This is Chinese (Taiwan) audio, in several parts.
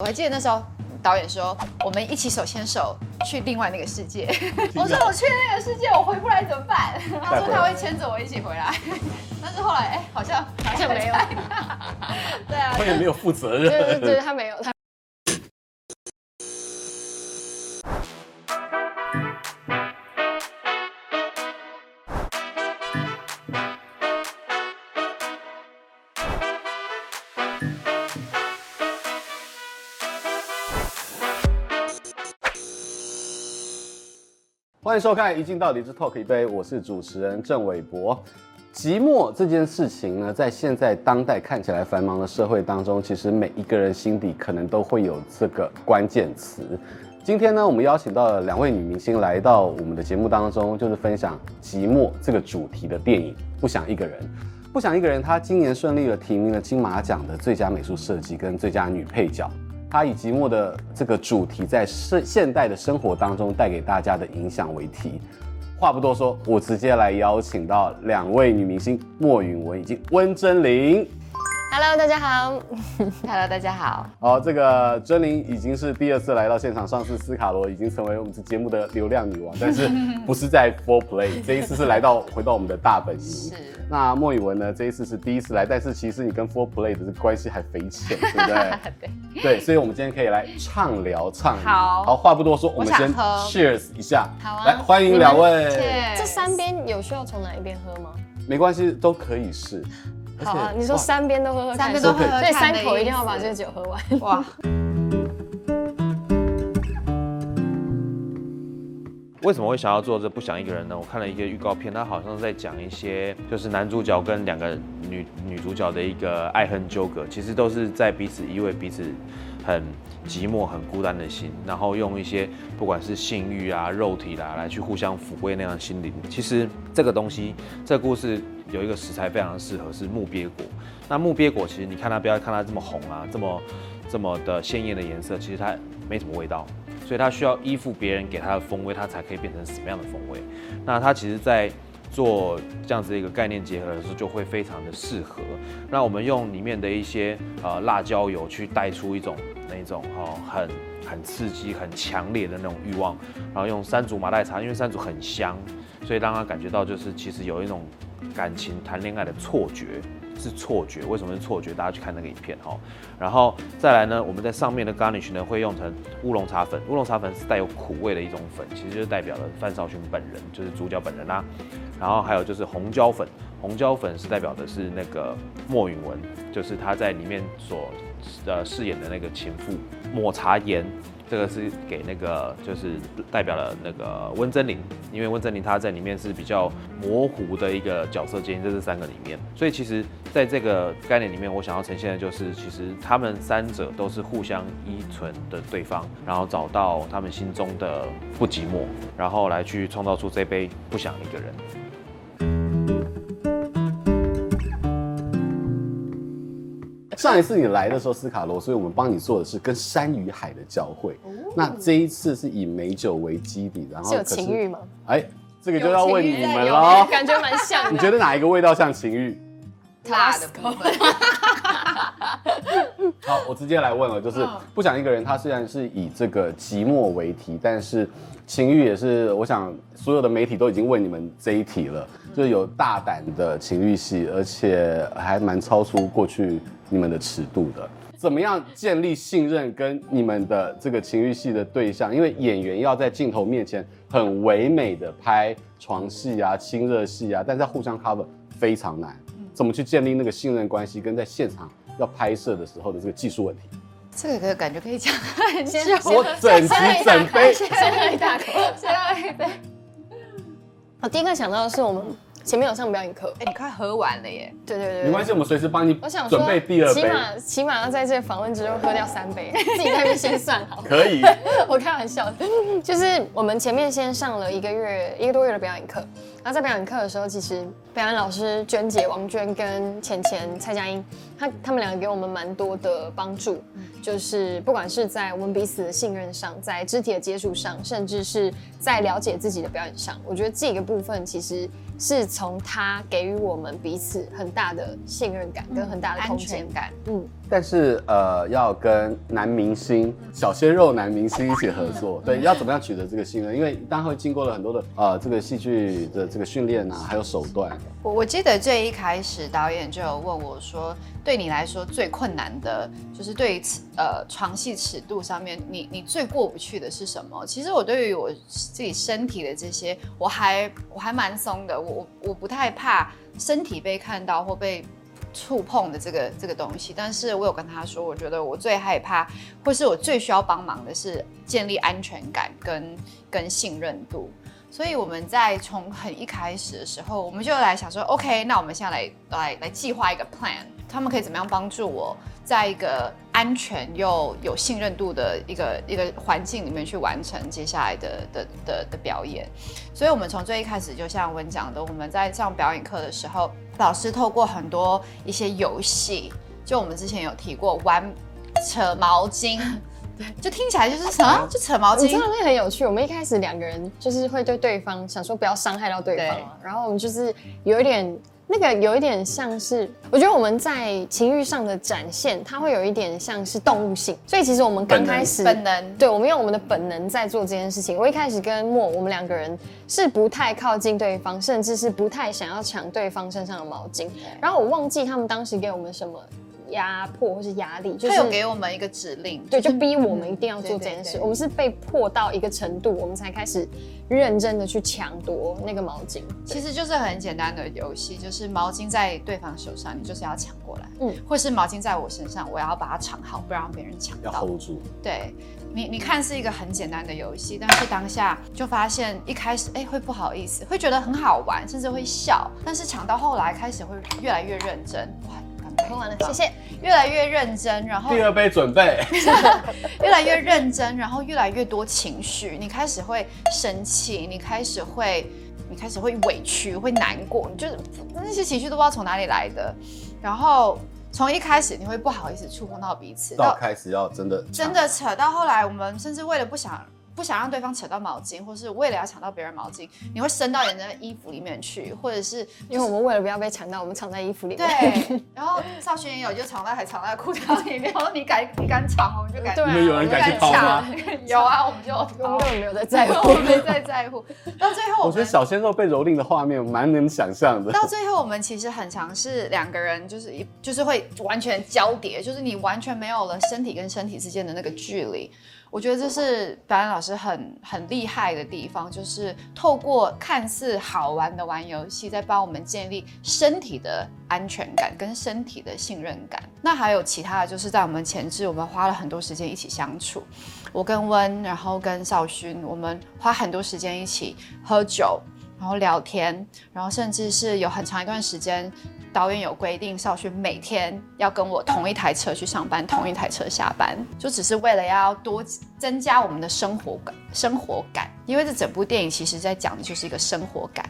我還記得那時候，導演說我們一起手牽手去另外那個世界。了我說我去了那個世界，我回不來怎麼辦？他說他會牽着我一起回來。但是後來，哎，好像好像沒有。對啊，他也沒有負責任。對對對，他沒有。他沒有歡迎收看《藝鏡到底之 Talk 一杯》，我是主持人鄭偉柏。寂寞這件事情呢，在現在當代看起來繁忙的社會當中，其實每一個人心底可能都會有這個關鍵詞。今天呢，我們邀請到了兩位女明星來到我們的節目當中，就是分享《寂寞》這個主題的電影《不想一個人》。《不想一個人》，她今年順利的提名了金馬獎的最佳美術設計跟最佳女配角。他以寂寞的這個主題在現代的生活當中帶給大家的影響為題，話不多說，我直接來邀請到兩位女明星：莫允雯以及溫貞菱。Hello，大家好。Hello，大家好。好，這個貞菱已經是第二次來到現場，上次，斯卡羅已經成為我們節目的流量女王，但是不是在 Four Play，這一次是來到回到我們的大本營。那莫允雯呢？這一次是第一次來，但是其實你跟 Four Play 的關係還匪淺，對不對？對對，所以，我們今天可以來暢聊暢聊。好，話不多說，我們先 Cheers 一下。好，來歡迎兩位。這三邊有需要從哪一邊喝嗎？沒關係，都可以試。好啊，且你說三邊都會喝哇都會喝，三邊都喝喝，所以三口一定要把這酒喝完。哇！為什麼會想要做這不想一個人呢？我看了一個預告片，他好像在講一些，就是男主角跟兩個女女主角的一個愛恨糾葛，其實都是在彼此依偎，彼此。很寂寞，很孤單的心，然後用一些不管是性慾啊、肉體啦、啊，來去互相撫慰那樣的心靈。其實這個東西，這個、故事有一個食材非常適合是木鱉果。那木鱉果其實你看它，不要看它這麼紅啊，這麼這麼的鮮艷的顏色，其實它沒什麼味道，所以它需要依附別人給它的風味，它才可以變成什麼樣的風味。那它其實，在做這樣子一個概念結合的時候，就會非常的適合。那我們用裡面的一些呃辣椒油，去帶出一種那一種哈很很刺激、很強烈的那種慾望，然後用山竹瑪黛茶，因為山竹很香，所以讓他感覺到就是其實有一種感情談戀愛的錯覺。是錯覺，為什麼是錯覺？大家去看那個影片。喔、然後再來呢，我們在上面的 garnish 呢會用成烏龍茶粉，烏龍茶粉是帶有苦味的一種粉，其實就代表了范少勳本人，就是主角本人啦、啊。然後還有就是紅椒粉，紅椒粉是代表的是那個莫允雯，就是他在裡面所飾演的那個情婦。抹茶鹽這個是給那個，就是代表了那個溫貞菱，因為溫貞菱他在裡面是比較模糊的一個角色，間在這三個裡面，所以其實在這個概念裡面，我想要呈現的就是，其實他們三者都是互相依存的對方，然後找到他們心中的不寂寞，然後來去創造出這杯不想一個人。上一次你來的時候，斯卡羅，所以我們幫你做的是跟山與海的交匯。哦、那這一次是以美酒為基底，然後就情欲嗎？哎，這個就要問你們了、哦。感覺蠻像的。你覺得哪一個味道像情欲？辣的部分。 好，我直接來問了，就是不想一個人。他雖然是以這個寂寞為題，但是情慾也是，我想所有的媒體都已經問你們這一題了，就是有大膽的情慾戲，而且還蠻超出過去你們的尺度的。怎麼樣建立信任跟你們的這個情慾戲的對象？因為演員要在鏡頭面前很唯美的拍床戲啊、親熱戲啊，但在互相 cover 非常難。怎麼去建立那個信任關係？跟在現場。要拍攝的時候的這個技術問題，這個感覺可以講很久。我整隻整杯，先喝一大口，先，先喝一大口。我第一個想到的是，我們前面有上表演課，哎、欸，你快喝完了耶！對，對對對，沒關係，我們隨時幫你。我想說準備第二杯，起碼起碼要在這訪問之中喝掉三杯，自己在那邊先算好。 可以，我開玩笑的，就是我們前面先上了一個月一個多月的表演課。然後在表演課的時候，其實表演老師娟姐王娟跟錢錢蔡嘉茵，她她們兩個給我們蠻多的幫助。嗯就是不管是在我們彼此的信任上，在肢體的接觸上，甚至是在了解自己的表演上，我覺得這個部分其實是從他給予我們彼此很大的信任感跟很大的空間感。嗯，嗯，但是呃，要跟男明星、小鮮肉男明星一起合作，對，要怎麼樣取得這個信任？因為當然會經過了很多的呃，這個戲劇的這個訓練啊，還有手段。我我記得最一開始導演就有問我說：“對你來說最困難的就是對於此。”呃，床戲尺度上面，你你最過不去的是什麼？其實我對於我自己身體的這些，我還我還蠻鬆的，我我我不太怕身體被看到或被觸碰的這個這個東西。但是我有跟他說，我覺得我最害怕，或是我最需要幫忙的是建立安全感跟跟信任度。所以我們在從很一開始的時候，我們就來想說，OK，那我們現在來來來計劃一個 plan。他們可以怎麼樣幫助我，在一個安全又有信任度的一個一個環境裡面去完成接下來的的的的的表演。所以，我們從最一開始，就像文講的，我們在上表演課的時候，老師透過很多一些遊戲，就我們之前有提過，玩扯毛巾，對，就聽起來就是，什麼？就扯毛巾？真的是很有趣。我們一開始兩個人就是會對對方，想說不要傷害到對方，對，然後我們就是有一點。那個有一點像是，我覺得我們在情慾上的展現，它會有一點像是動物性，所以其實我們剛開始，本能，對，我們用我們的本能在做這件事情。我一開始跟莫我們兩個人是不太靠近對方，甚至是不太想要搶對方身上的毛巾。然後我忘記他們當時給我們什麼。壓迫或是壓力，就是、他有給我們一個指令，就是、對，就逼我們一定要做這件事。嗯、對對對。我們是被迫到一個程度，我們才開始認真的去搶奪那個毛巾。其實就是很簡單的遊戲，就是毛巾在對方手上，你就是要搶過來，嗯，或是毛巾在我身上，我要把它藏好，不讓別人搶到。要 hold 住。對你，你看是一個很簡單的遊戲，但是當下就發現一開始，哎、欸，會不好意思，會覺得很好玩，甚至會笑。但是搶到後來，開始會越來越認真。喝完了，謝謝。越來越認真，然後第二杯準備。 越來越認真，然後越來越多情緒。你開始會生氣，你開始會，你開始會委屈，會難過。你就那些情緒都不知道從哪裡來的。然後從一開始你會不好意思觸碰到彼此，到，到開始要真的真的扯到後來，我們甚至為了不想。不想讓對方扯到毛巾，或是為了要搶到別人毛巾，你會伸到人家的衣服裡面去，或者是、就是、因為我們為了不要被搶到，我們藏在衣服裡面。對。對，然後少勳也有就藏在還藏在褲襠裡面。然後你敢，你敢搶我們就敢，嗯對啊、有人敢搶。有啊，我們就好我們根本沒有在在乎， 我沒在在乎。到最後我，我覺得小鮮肉被蹂躪的畫面蠻能想象的。到最後，我們其實很常是兩個人，就是一就是會完全交疊，就是你完全沒有了身體跟身體之間的那個距離。我覺得這是白蘭老師很很厲害的地方，就是透過看似好玩的玩遊戲，在幫我們建立身體的安全感跟身體的信任感。那還有其他的就是在我們前置，我們花了很多時間一起相處，我跟溫，然後跟少勳，我們花很多時間一起喝酒，然後聊天，然後甚至是有很長一段時間。導演有規定，少勳每天要跟我同一台車去上班，同一台車下班，就只是為了要多增加我們的生活感，生活感。因為這整部電影其實在講的就是一個生活感，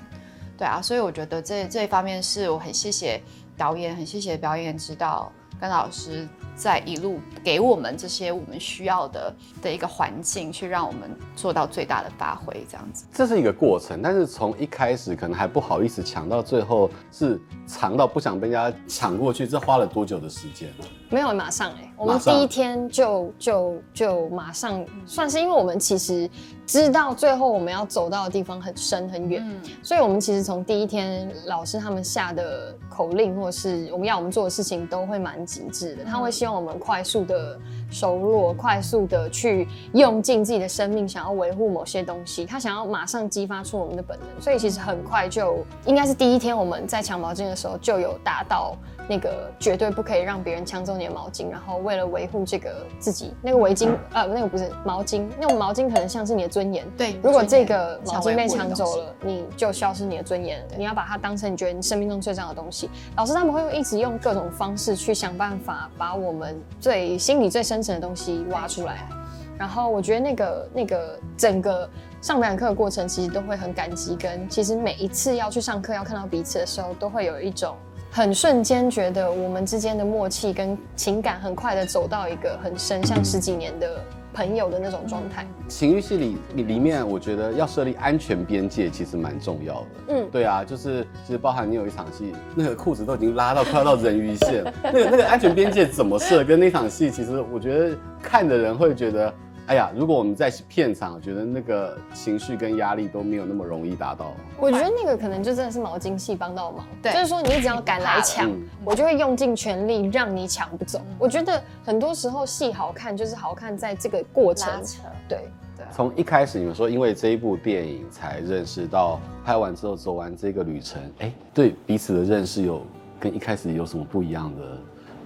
對啊，所以我覺得這這一方面是我很謝謝導演，很謝謝表演指導。跟老師在一路給我們這些我們需要的的一個環境，去讓我們做到最大的發揮，這樣子。這是一個過程，但是從一開始可能還不好意思搶，到最後是搶到不想被人家搶過去，這花了多久的時間？沒有，馬上哎。我們第一天就就就馬上算是，因為我們其實知道最後我們要走到的地方很深很遠，嗯、所以我們其實從第一天老師他們下的口令或是我們要我們做的事情都會蠻極致的，嗯、他會希望我們快速的熟絡，快速的去用盡自己的生命想要維護某些東西，他想要馬上激發出我們的本能，所以其實很快就應該是第一天我們在搶毛巾的時候就有達到。那個絕對不可以讓別人搶走你的毛巾，然後為了維護這個自己那個圍巾，啊，啊，那個不是毛巾，那種毛巾可能像是你的尊嚴。對，如果這個毛巾被搶走了，你就消失你的尊嚴。對你要把它當成你覺得你生命中最重要的東西。老師他們會用一直用各種方式去想辦法把我們最心裡最深層的東西挖出來。錯然後我覺得那個那個整個上表演課的過程其實都會很感激，跟其實每一次要去上課要看到彼此的時候，都會有一種。很瞬間覺得我們之間的默契跟情感很快的走到一個很深，像十幾年的朋友的那種狀態。情慾戲裡裡面，我覺得要設立安全邊界其實蠻重要的。嗯，對啊，就是其實包含你有一場戲，那個褲子都已經拉到快要到人魚線， 那個那個安全邊界怎麼設？跟那場戲，其實我覺得看的人會覺得。哎呀，如果我們在片場，覺得那個情緒跟壓力都沒有那麼容易達到。我覺得那個可能就真的是毛巾戲幫到忙，對，就是說你只要敢來搶，嗯、我就會用盡全力讓你搶不走。嗯、我覺得很多時候戲好看，就是好看在這個過程，拉扯、對。從、啊、一開始你們說因為這一部電影才認識到，拍完之後走完這個旅程，哎、欸，對彼此的認識有跟一開始有什麼不一樣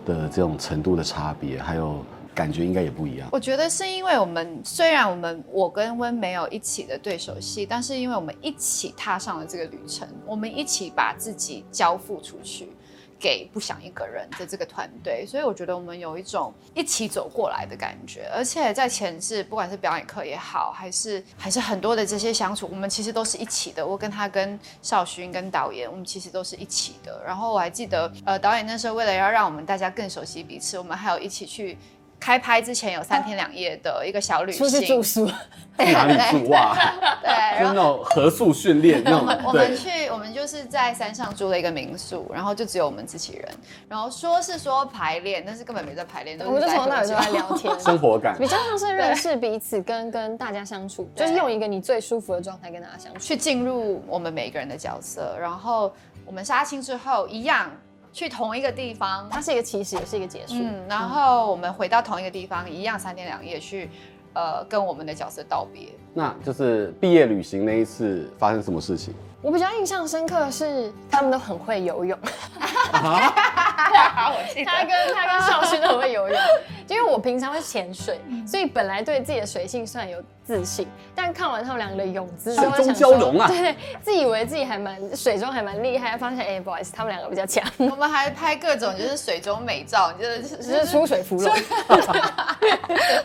的的這種程度的差別，還有。感覺應該也不一樣。我覺得是因為我們雖然我們我跟溫沒有一起的對手戲，但是因為我們一起踏上了這個旅程，我們一起把自己交付出去，給不想一個人的這個團隊，所以我覺得我們有一種一起走過來的感覺。而且在前置，不管是表演課也好，還是還是很多的這些相處，我們其實都是一起的。我跟他、跟少勳、跟導演，我們其實都是一起的。然後我還記得，呃，導演那時候為了要讓我們大家更熟悉彼此，我們還有一起去。開拍之前有三天兩夜的一個小旅行，出去住宿。在哪裡住啊？對，是那種合宿訓練那種。 我們去，我們就是在山上租了一個民宿，然後就只有我們自己人。然後說是說排練，但是根本沒在排練，對就我們都就在聊天，生活感。比較像是認識彼此跟，跟對跟大家相處，對就是用一個你最舒服的狀態跟大家相處，對對去進入我們每個人的角色。然後我們殺青之後一樣，去同一個地方，它是一個起始，也是一個結束。嗯，然後我們回到同一個地方，一樣三天兩夜去，呃，跟我們的角色道別。那就是畢業旅行那一次發生什麼事情？我比較印象深刻的是，他們都很會游泳。 啊 他跟 我記得他跟少勳都很會游泳，因為我平常會潛水，所以本來對自己的水性算有自信。但看完他們兩個的泳姿，就、嗯、水中蛟龍啊，對，對，對，自以為自己還蠻水中還蠻厲害，發現哎 boys 他們兩個比較強。我們還拍各種就是水中美照， 就是出水芙蓉，特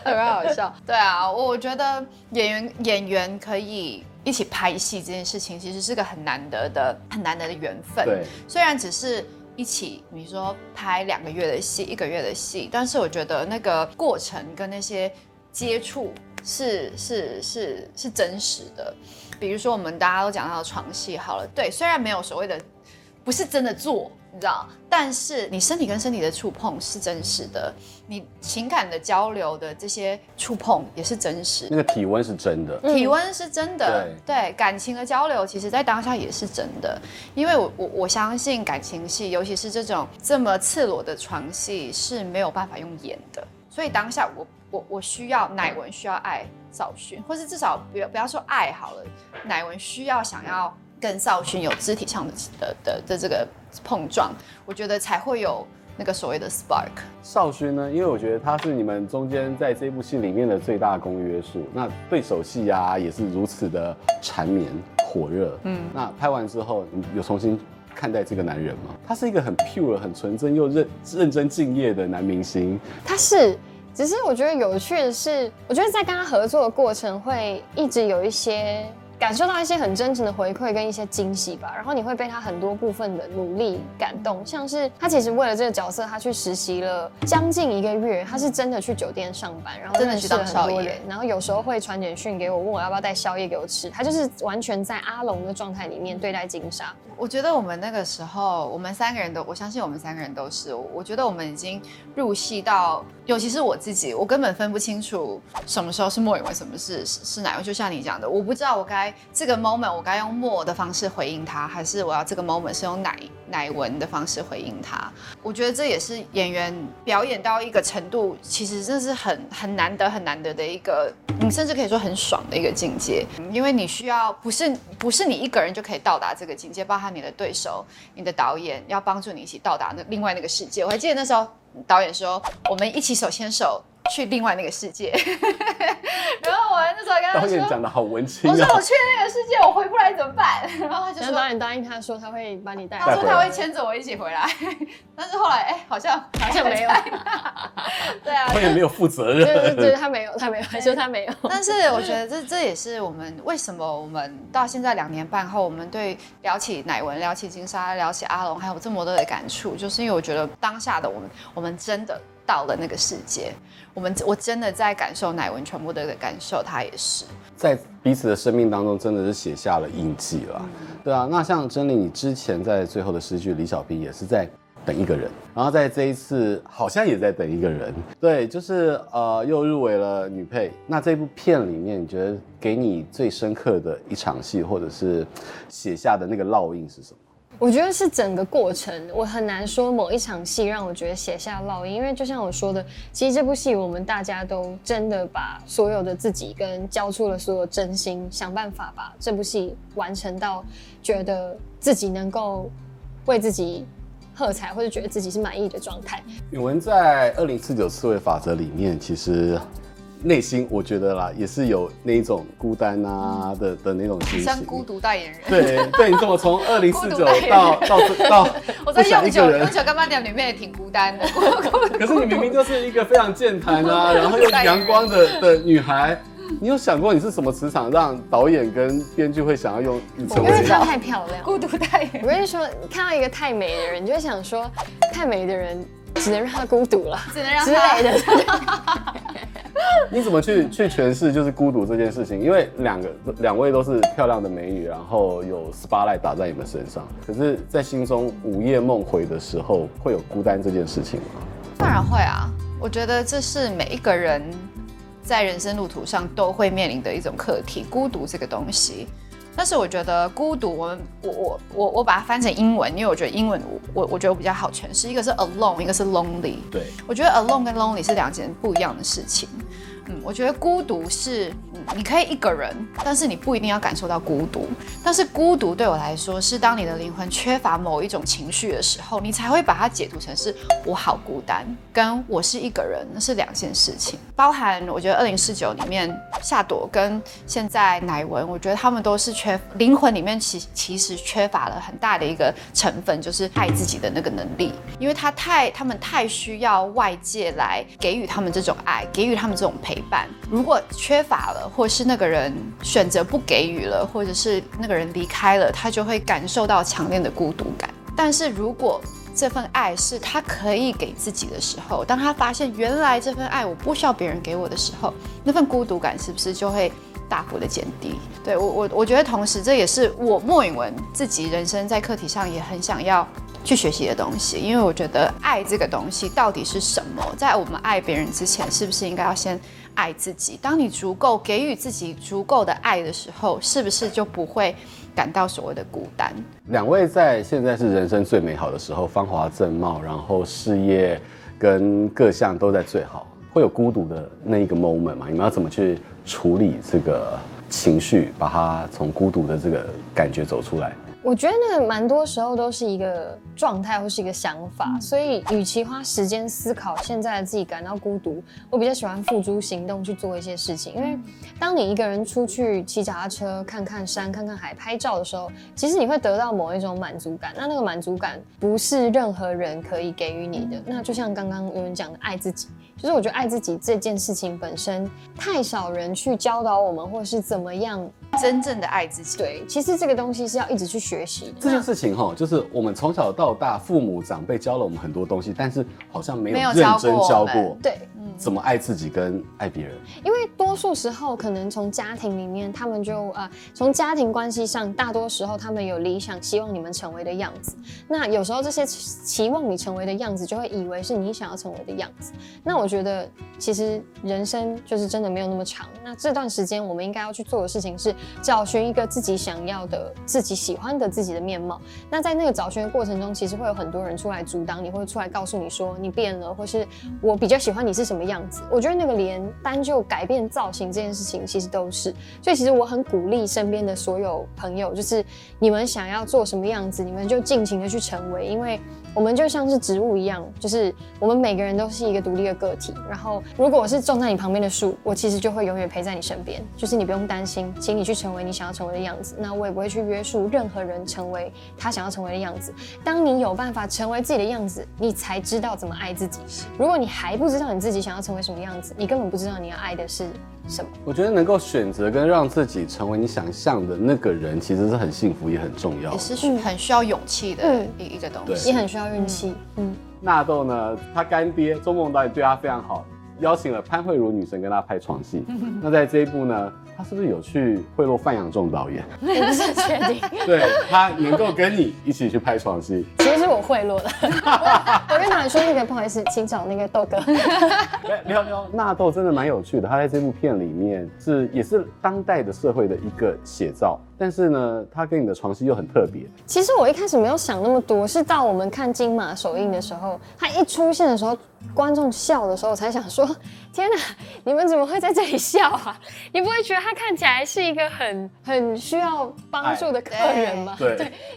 別好笑。對啊，我我覺得演員演員可以一起拍戲這件事情，其實是個很難得的很難得的緣分。對，雖然只是。一起，你說拍兩個月的戲，一個月的戲，但是我覺得那個過程跟那些接觸是是是是真實的。比如說我們大家都講到床戲好了，對，雖然沒有所謂的，不是真的做。你知道，但是你身體跟身體的觸碰是真實的，你情感的交流的這些觸碰也是真實。那個體溫是真的，嗯、體溫是真的。對，對，感情的交流其實，在當下也是真的。因為我我我相信感情戲，尤其是這種這麼赤裸的床戲是沒有辦法用演的。所以當下我我我需要允雯需要愛找尋，或是至少不要不要說愛好了，允雯需要想要。跟少勳有肢體上的的、的、的這個碰撞，我覺得才會有那個所謂的 spark。少勳呢，因為我覺得他是你們中間在這部戲裡面的最大公約數。那對手戲啊，也是如此的纏綿火熱。嗯，那拍完之後，你有重新看待這個男人嗎？他是一個很 pure、很純真又認認真敬業的男明星。他是，只是我覺得有趣的是，我覺得在跟他合作的過程，會一直有一些。感受到一些很真誠的回饋跟一些驚喜吧，然後你會被他很多部分的努力感動，像是他其實為了這個角色，他去實習了將近一個月，他是真的去酒店上班，然後真的去當少爺，然後有時候會傳簡訊給我，問我要不要帶宵夜給我吃，他就是完全在阿龍的狀態裡面對待金莎。我覺得我們那個時候，我們三個人都，我相信我們三個人都是。我覺得我們已經入戲到，尤其是我自己，我根本分不清楚什麼時候是莫允雯，什麼是是，是哪個，就像你講的，我不知道我該這個 moment 我該用莫的方式回應他，還是我要這個 moment 是用奶奶文的方式回應他。我覺得這也是演員表演到一個程度，其實這是很很難得、很難得的一個，你甚至可以說很爽的一個境界，嗯，因為你需要不是不是你一個人就可以到達這個境界，包含。你的對手，你的導演要幫助你一起到達那另外那個世界。我還記得那時候，導演說：“我們一起手牽手，”去另外那個世界。 然後我那時候跟他說，導演長得好文青，啊。我說我去那個世界，我回不來怎麼辦？然後他就說，導演答應他說，他會把你帶，他說他會牽着我一起回來。回來，但是後來哎，欸，好像好像沒有。對啊，導演也沒有負責任。對對，就是就是，他沒有，他沒有，他說對對他沒有。但是我覺得這這也是我們為什麼我們到現在兩年半後，我們對聊起乃文、聊起金沙、聊起阿龍還有這麼多的感觸，就是因為我覺得當下的我們，我們真的。到了那個世界，我們我真的在感受允雯全部的感受，他也是在彼此的生命當中，真的是寫下了印記。了、嗯。對啊，那像貞菱，你之前在最後的詩句李小平也是在等一個人，然後在這一次好像也在等一個人，對，就是呃又入圍了女配。那這部片裡面，你覺得給你最深刻的一場戲，或者是寫下的那個烙印是什麼？我覺得是整個過程，我很難說某一場戲讓我覺得寫下烙印，因為就像我說的，其實這部戲我們大家都真的把所有的自己跟交出了所有真心，想辦法把這部戲完成到，覺得自己能夠為自己喝彩或者覺得自己是滿意的狀態。允雯在《二零四九刺蝟法則》裡面，其實。內心我覺得啦，也是有那一種孤單啊的、嗯、的那種心情，像孤獨代言人。對，對，你怎麼從二零四九到到到到到到我在用久個人，用久柑仔店裡面也挺孤單的。 獨可是你明明就是一個非常健談啊，獨然後又陽光的的女孩，你有想過你是什麼磁場，讓導演跟編劇會想要用你？我不會說太漂亮，孤獨代言人。我跟你說，看到一個太美的人，你就會想說，太美的人。只能讓他孤獨了，只能讓他累了。你怎麼去去詮釋就是孤獨這件事情？因為兩個兩位都是漂亮的美女，然後有 spotlight 打在你們身上，可是，在心中午夜夢回的時候，會有孤單這件事情嗎？當然會啊！我覺得這是每一個人在人生路途上都會面臨的一種課題，孤獨這個東西。但是我覺得孤獨，我我我我我把它翻成英文，因為我覺得英文我我覺得我比較好詮釋。一個是 alone，一個是 lonely。對，我覺得 alone 跟 lonely 是兩件不一樣的事情。嗯，我覺得孤獨是、嗯，你可以一個人，但是你不一定要感受到孤獨。但是孤獨對我來說，是當你的靈魂缺乏某一種情緒的時候，你才會把它解讀成是我好孤單，跟我是一個人，那是兩件事情。包含我覺得二零四九裡面夏朵跟現在乃文，我覺得他們都是缺靈魂裡面其其實缺乏了很大的一個成分，就是愛自己的那個能力，因為他太他們太需要外界來給予他們這種愛，給予他們這種陪。如果缺乏了，或是那個人選擇不給予了，或者是那個人離開了，他就會感受到強烈的孤獨感。但是如果這份愛是他可以給自己的時候，當他發現原來這份愛我不需要別人給我的時候，那份孤獨感是不是就會大幅的減低？對我，我我覺得同時這也是我莫允雯自己人生在課題上也很想要。去學習的東西，因為我覺得愛這個東西到底是什麼？在我們愛別人之前，是不是應該要先愛自己？當你足夠給予自己足夠的愛的時候，是不是就不會感到所謂的孤單？兩位在現在是人生最美好的時候，芳華正茂，然後事業跟各項都在最好，會有孤獨的那一個 moment 嗎？你們要怎麼去處理這個情緒，把它從孤獨的這個感覺走出來？我覺得呢，蠻多時候都是一個狀態或是一個想法，嗯、所以與其花時間思考現在的自己感到孤獨，我比較喜歡付諸行動去做一些事情。因為當你一個人出去騎腳踏車，看看山，看看海，拍照的時候，其實你會得到某一種滿足感。那那個滿足感不是任何人可以給予你的。那就像剛剛有人講的，愛自己，就是我覺得愛自己這件事情本身太少人去教導我們，或是怎麼樣。真正的愛自己。對，其實這個東西是要一直去學習的。這件事情哈、喔，就是我們從小到大，父母長輩教了我們很多東西，但是好像沒有認真教過。教過，對。怎麼愛自己跟愛別人？因為多數時候，可能從家庭裡面，他們就啊，從、呃、家庭關係上，大多時候他們有理想，希望你們成為的樣子。那有時候這些期望你成為的樣子，就會以為是你想要成為的樣子。那我覺得，其實人生就是真的沒有那麼長。那這段時間，我們應該要去做的事情是找尋一個自己想要的、自己喜歡的自己的面貌。那在那個找尋的過程中，其實會有很多人出來阻擋你，或者出來告訴你說你變了，或是我比較喜歡你是什麼。麼樣子？我覺得那個連單就改變造型這件事情，其實都是。所以其實我很鼓勵身邊的所有朋友，就是你們想要做什麼樣子，你們就盡情的去成為，因為。我們就像是植物一樣，就是我們每個人都是一個獨立的個體。然後，如果我是種在你旁邊的樹，我其實就會永遠陪在你身邊，就是你不用擔心，請你去成為你想要成為的樣子。那我也不會去約束任何人成為他想要成為的樣子。當你有辦法成為自己的樣子，你才知道怎麼愛自己。如果你還不知道你自己想要成為什麼樣子，你根本不知道你要愛的是。什麼。我覺得能夠選擇跟讓自己成為你想象的那個人，其實是很幸福，也很重要，也是需很需要勇氣的一個東西，嗯、對也很需要運氣。嗯，納豆呢，他乾爹周夢導演對他非常好，邀請了潘慧如女神跟他拍床戲。嗯、那在這一部呢？他是不是有去賄賂范揚仲導演？我不是確定 對。對他能夠跟你一起去拍床戲，其實是我賄賂的。我跟導演說：“那個不好意思，請找那個豆哥。 聊聊”聊一聊納豆真的蠻有趣的，他在這部片裡面是也是當代的社會的一個寫照。但是呢，他跟你的床戲又很特別。其實我一開始沒有想那麼多，是到我們看金馬首映的時候，他一出現的時候。觀眾笑的時候，我才想說：天哪、啊，你們怎麼會在這裡笑啊？你不會覺得他看起來是一個很很需要幫助的客人嗎？對，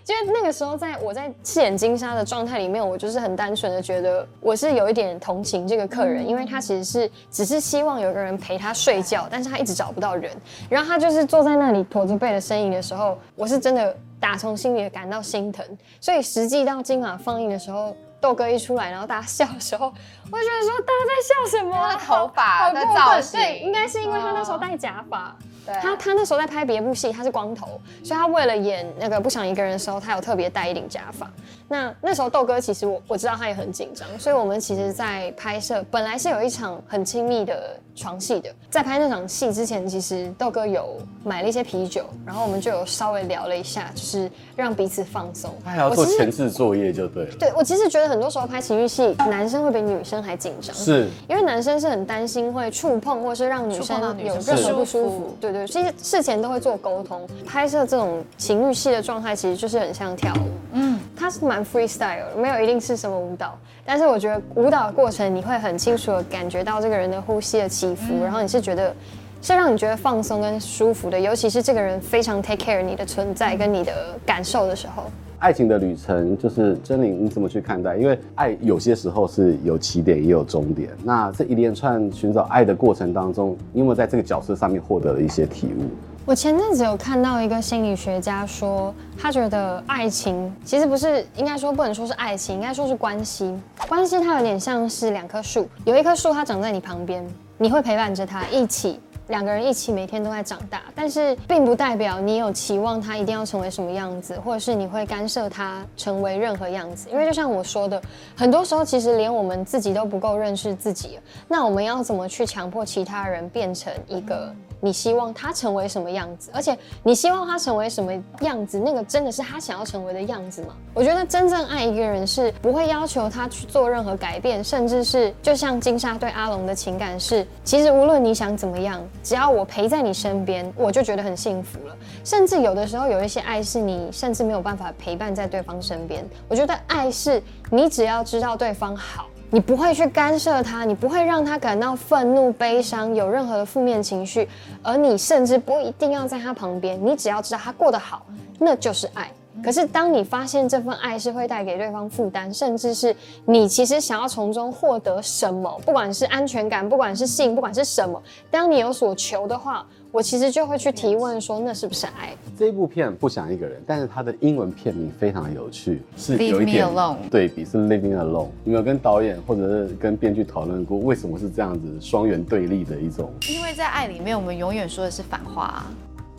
因為那個時候，在我在赤眼金鯊的狀態裡面，我就是很單純的覺得我是有一點同情這個客人，嗯、因為他其實是只是希望有個人陪他睡覺，唉但是他一直找不到人，然後他就是坐在那裡駝着背的身影的時候，我是真的打從心裡的感到心疼。所以實際到今晚放映的時候。豆哥一出來，然後大家笑的時候，我就覺得說大家在笑什麼？他的頭髮、他的造型。對，應該是因為他那時候戴假髮。對、哦，他他那時候在拍別部戲，他是光頭，所以他為了演那個不想一個人的時候，他有特別戴一頂假髮。那那時候豆哥其實我我知道他也很緊張，所以我們其實，在拍攝本來是有一場很親密的床戲的，在拍那場戲之前，其實豆哥有買了一些啤酒，然後我們就有稍微聊了一下，就是讓彼此放鬆。他還要做前置作業，就對了。對，我其實覺得很多時候拍情慾戲，男生會比女生還緊張，是因為男生是很擔心會觸碰或是讓女生有任何不舒服。是，對對對，其實事前都會做溝通。拍攝這種情慾戲的狀態，其實就是很像跳舞。嗯，他是蠻。Freestyle 沒有一定是什麼舞蹈，但是我覺得舞蹈的過程，你會很清楚的感覺到這個人的呼吸的起伏，然後你是覺得是讓你覺得放鬆跟舒服的，尤其是這個人非常 take care 你的存在跟你的感受的時候。愛情的旅程就是貞菱，你怎麼去看待？因為愛有些時候是有起點也有終點，那這一連串尋找愛的過程當中，有沒有在這個角色上面獲得了一些體悟？我前陣子有看到一個心理學家說，他覺得愛情其實不是，應該說不能說是愛情，應該說是關係。關係它有點像是兩棵樹，有一棵樹它長在你旁邊，你會陪伴着它一起，兩個人一起每天都在長大。但是並不代表你有期望它一定要成為什麼樣子，或者是你會干涉它成為任何樣子。因為就像我說的，很多時候其實連我們自己都不夠認識自己，那我們要怎麼去強迫其他人變成一個？你希望他成為什麼樣子？而且你希望他成為什麼樣子？那個真的是他想要成為的樣子嗎？我覺得真正愛一個人是不會要求他去做任何改變，甚至是就像金莎對阿龍的情感是，其實無論你想怎麼樣，只要我陪在你身邊，我就覺得很幸福了。甚至有的時候有一些愛是你甚至沒有辦法陪伴在對方身邊。我覺得愛是你只要知道對方好。你不會去干涉他，你不會讓他感到憤怒、悲傷，有任何的負面情緒，而你甚至不一定要在他旁邊，你只要知道他過得好，那就是愛。可是當你發現這份愛是會帶給對方負擔，甚至是你其實想要從中獲得什麼，不管是安全感，不管是性，不管是什麼，當你有所求的話，我其實就會去提問說，那是不是愛？這部片不想一個人，但是它的英文片名非常有趣，是 Leave Me Alone，對比，是 Leave Me Alone。有沒有跟導演或者是跟編劇討論過，為什麼是這樣子雙元對立的一種？因為在愛裡面，我們永遠說的是反話。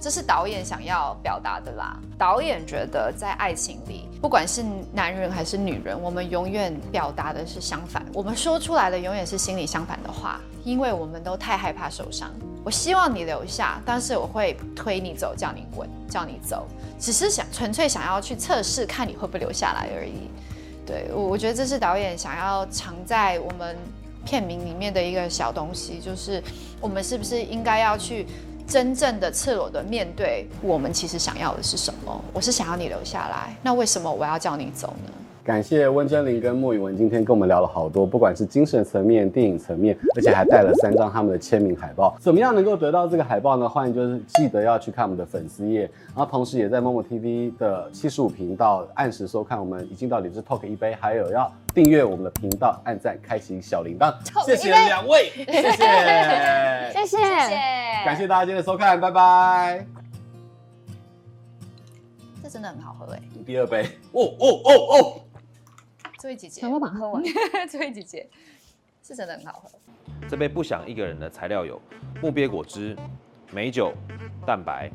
這是導演想要表達的啦。導演覺得，在愛情裡，不管是男人還是女人，我們永遠表達的是相反，我們說出來的永遠是心裡相反的話，因為我們都太害怕受傷。我希望你留下，但是我會推你走，叫你滾，叫你走，只是想純粹想要去測試，看你會不會留下來而已。對，我我覺得這是導演想要藏在我們片名裡面的一個小東西，就是我們是不是應該要去，真正的赤裸的面對，我們其實想要的是什麼？我是想要你留下來，那為什麼我要叫你走呢？感謝溫貞菱跟莫允雯今天跟我們聊了好多，不管是精神層面、電影層面，而且還帶了三張他們的簽名海報。怎麼樣能夠得到這個海報呢？歡迎就是記得要去看我們的粉絲頁，然後同時也在 MOMO TV 的七十五頻道按時收看我們藝鏡到底是 Talk 一杯，還有要訂閱我們的頻道，按讚、開啟小鈴鐺。Talk 謝謝杯兩位， 謝謝， 謝謝。謝謝感謝大家今天的收看，拜拜。這真的很好喝哎！第二杯，哦哦哦哦！哦這位姐姐，我把它喝完。這位姐姐是真的很好喝。這杯不想一個人的材料有木鱉果汁、梅酒、蛋白，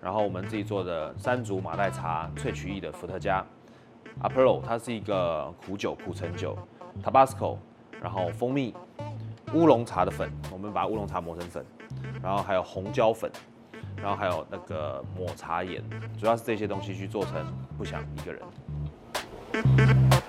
然後我們自己做的山竹馬黛茶萃取液的伏特加、Aperol 它是一個苦酒、苦橙酒、Tabasco，然後蜂蜜、烏龍茶的粉，我們把烏龍茶磨成粉。然後還有紅椒粉，然後還有那個抹茶鹽，主要是這些東西去做成不想一個人。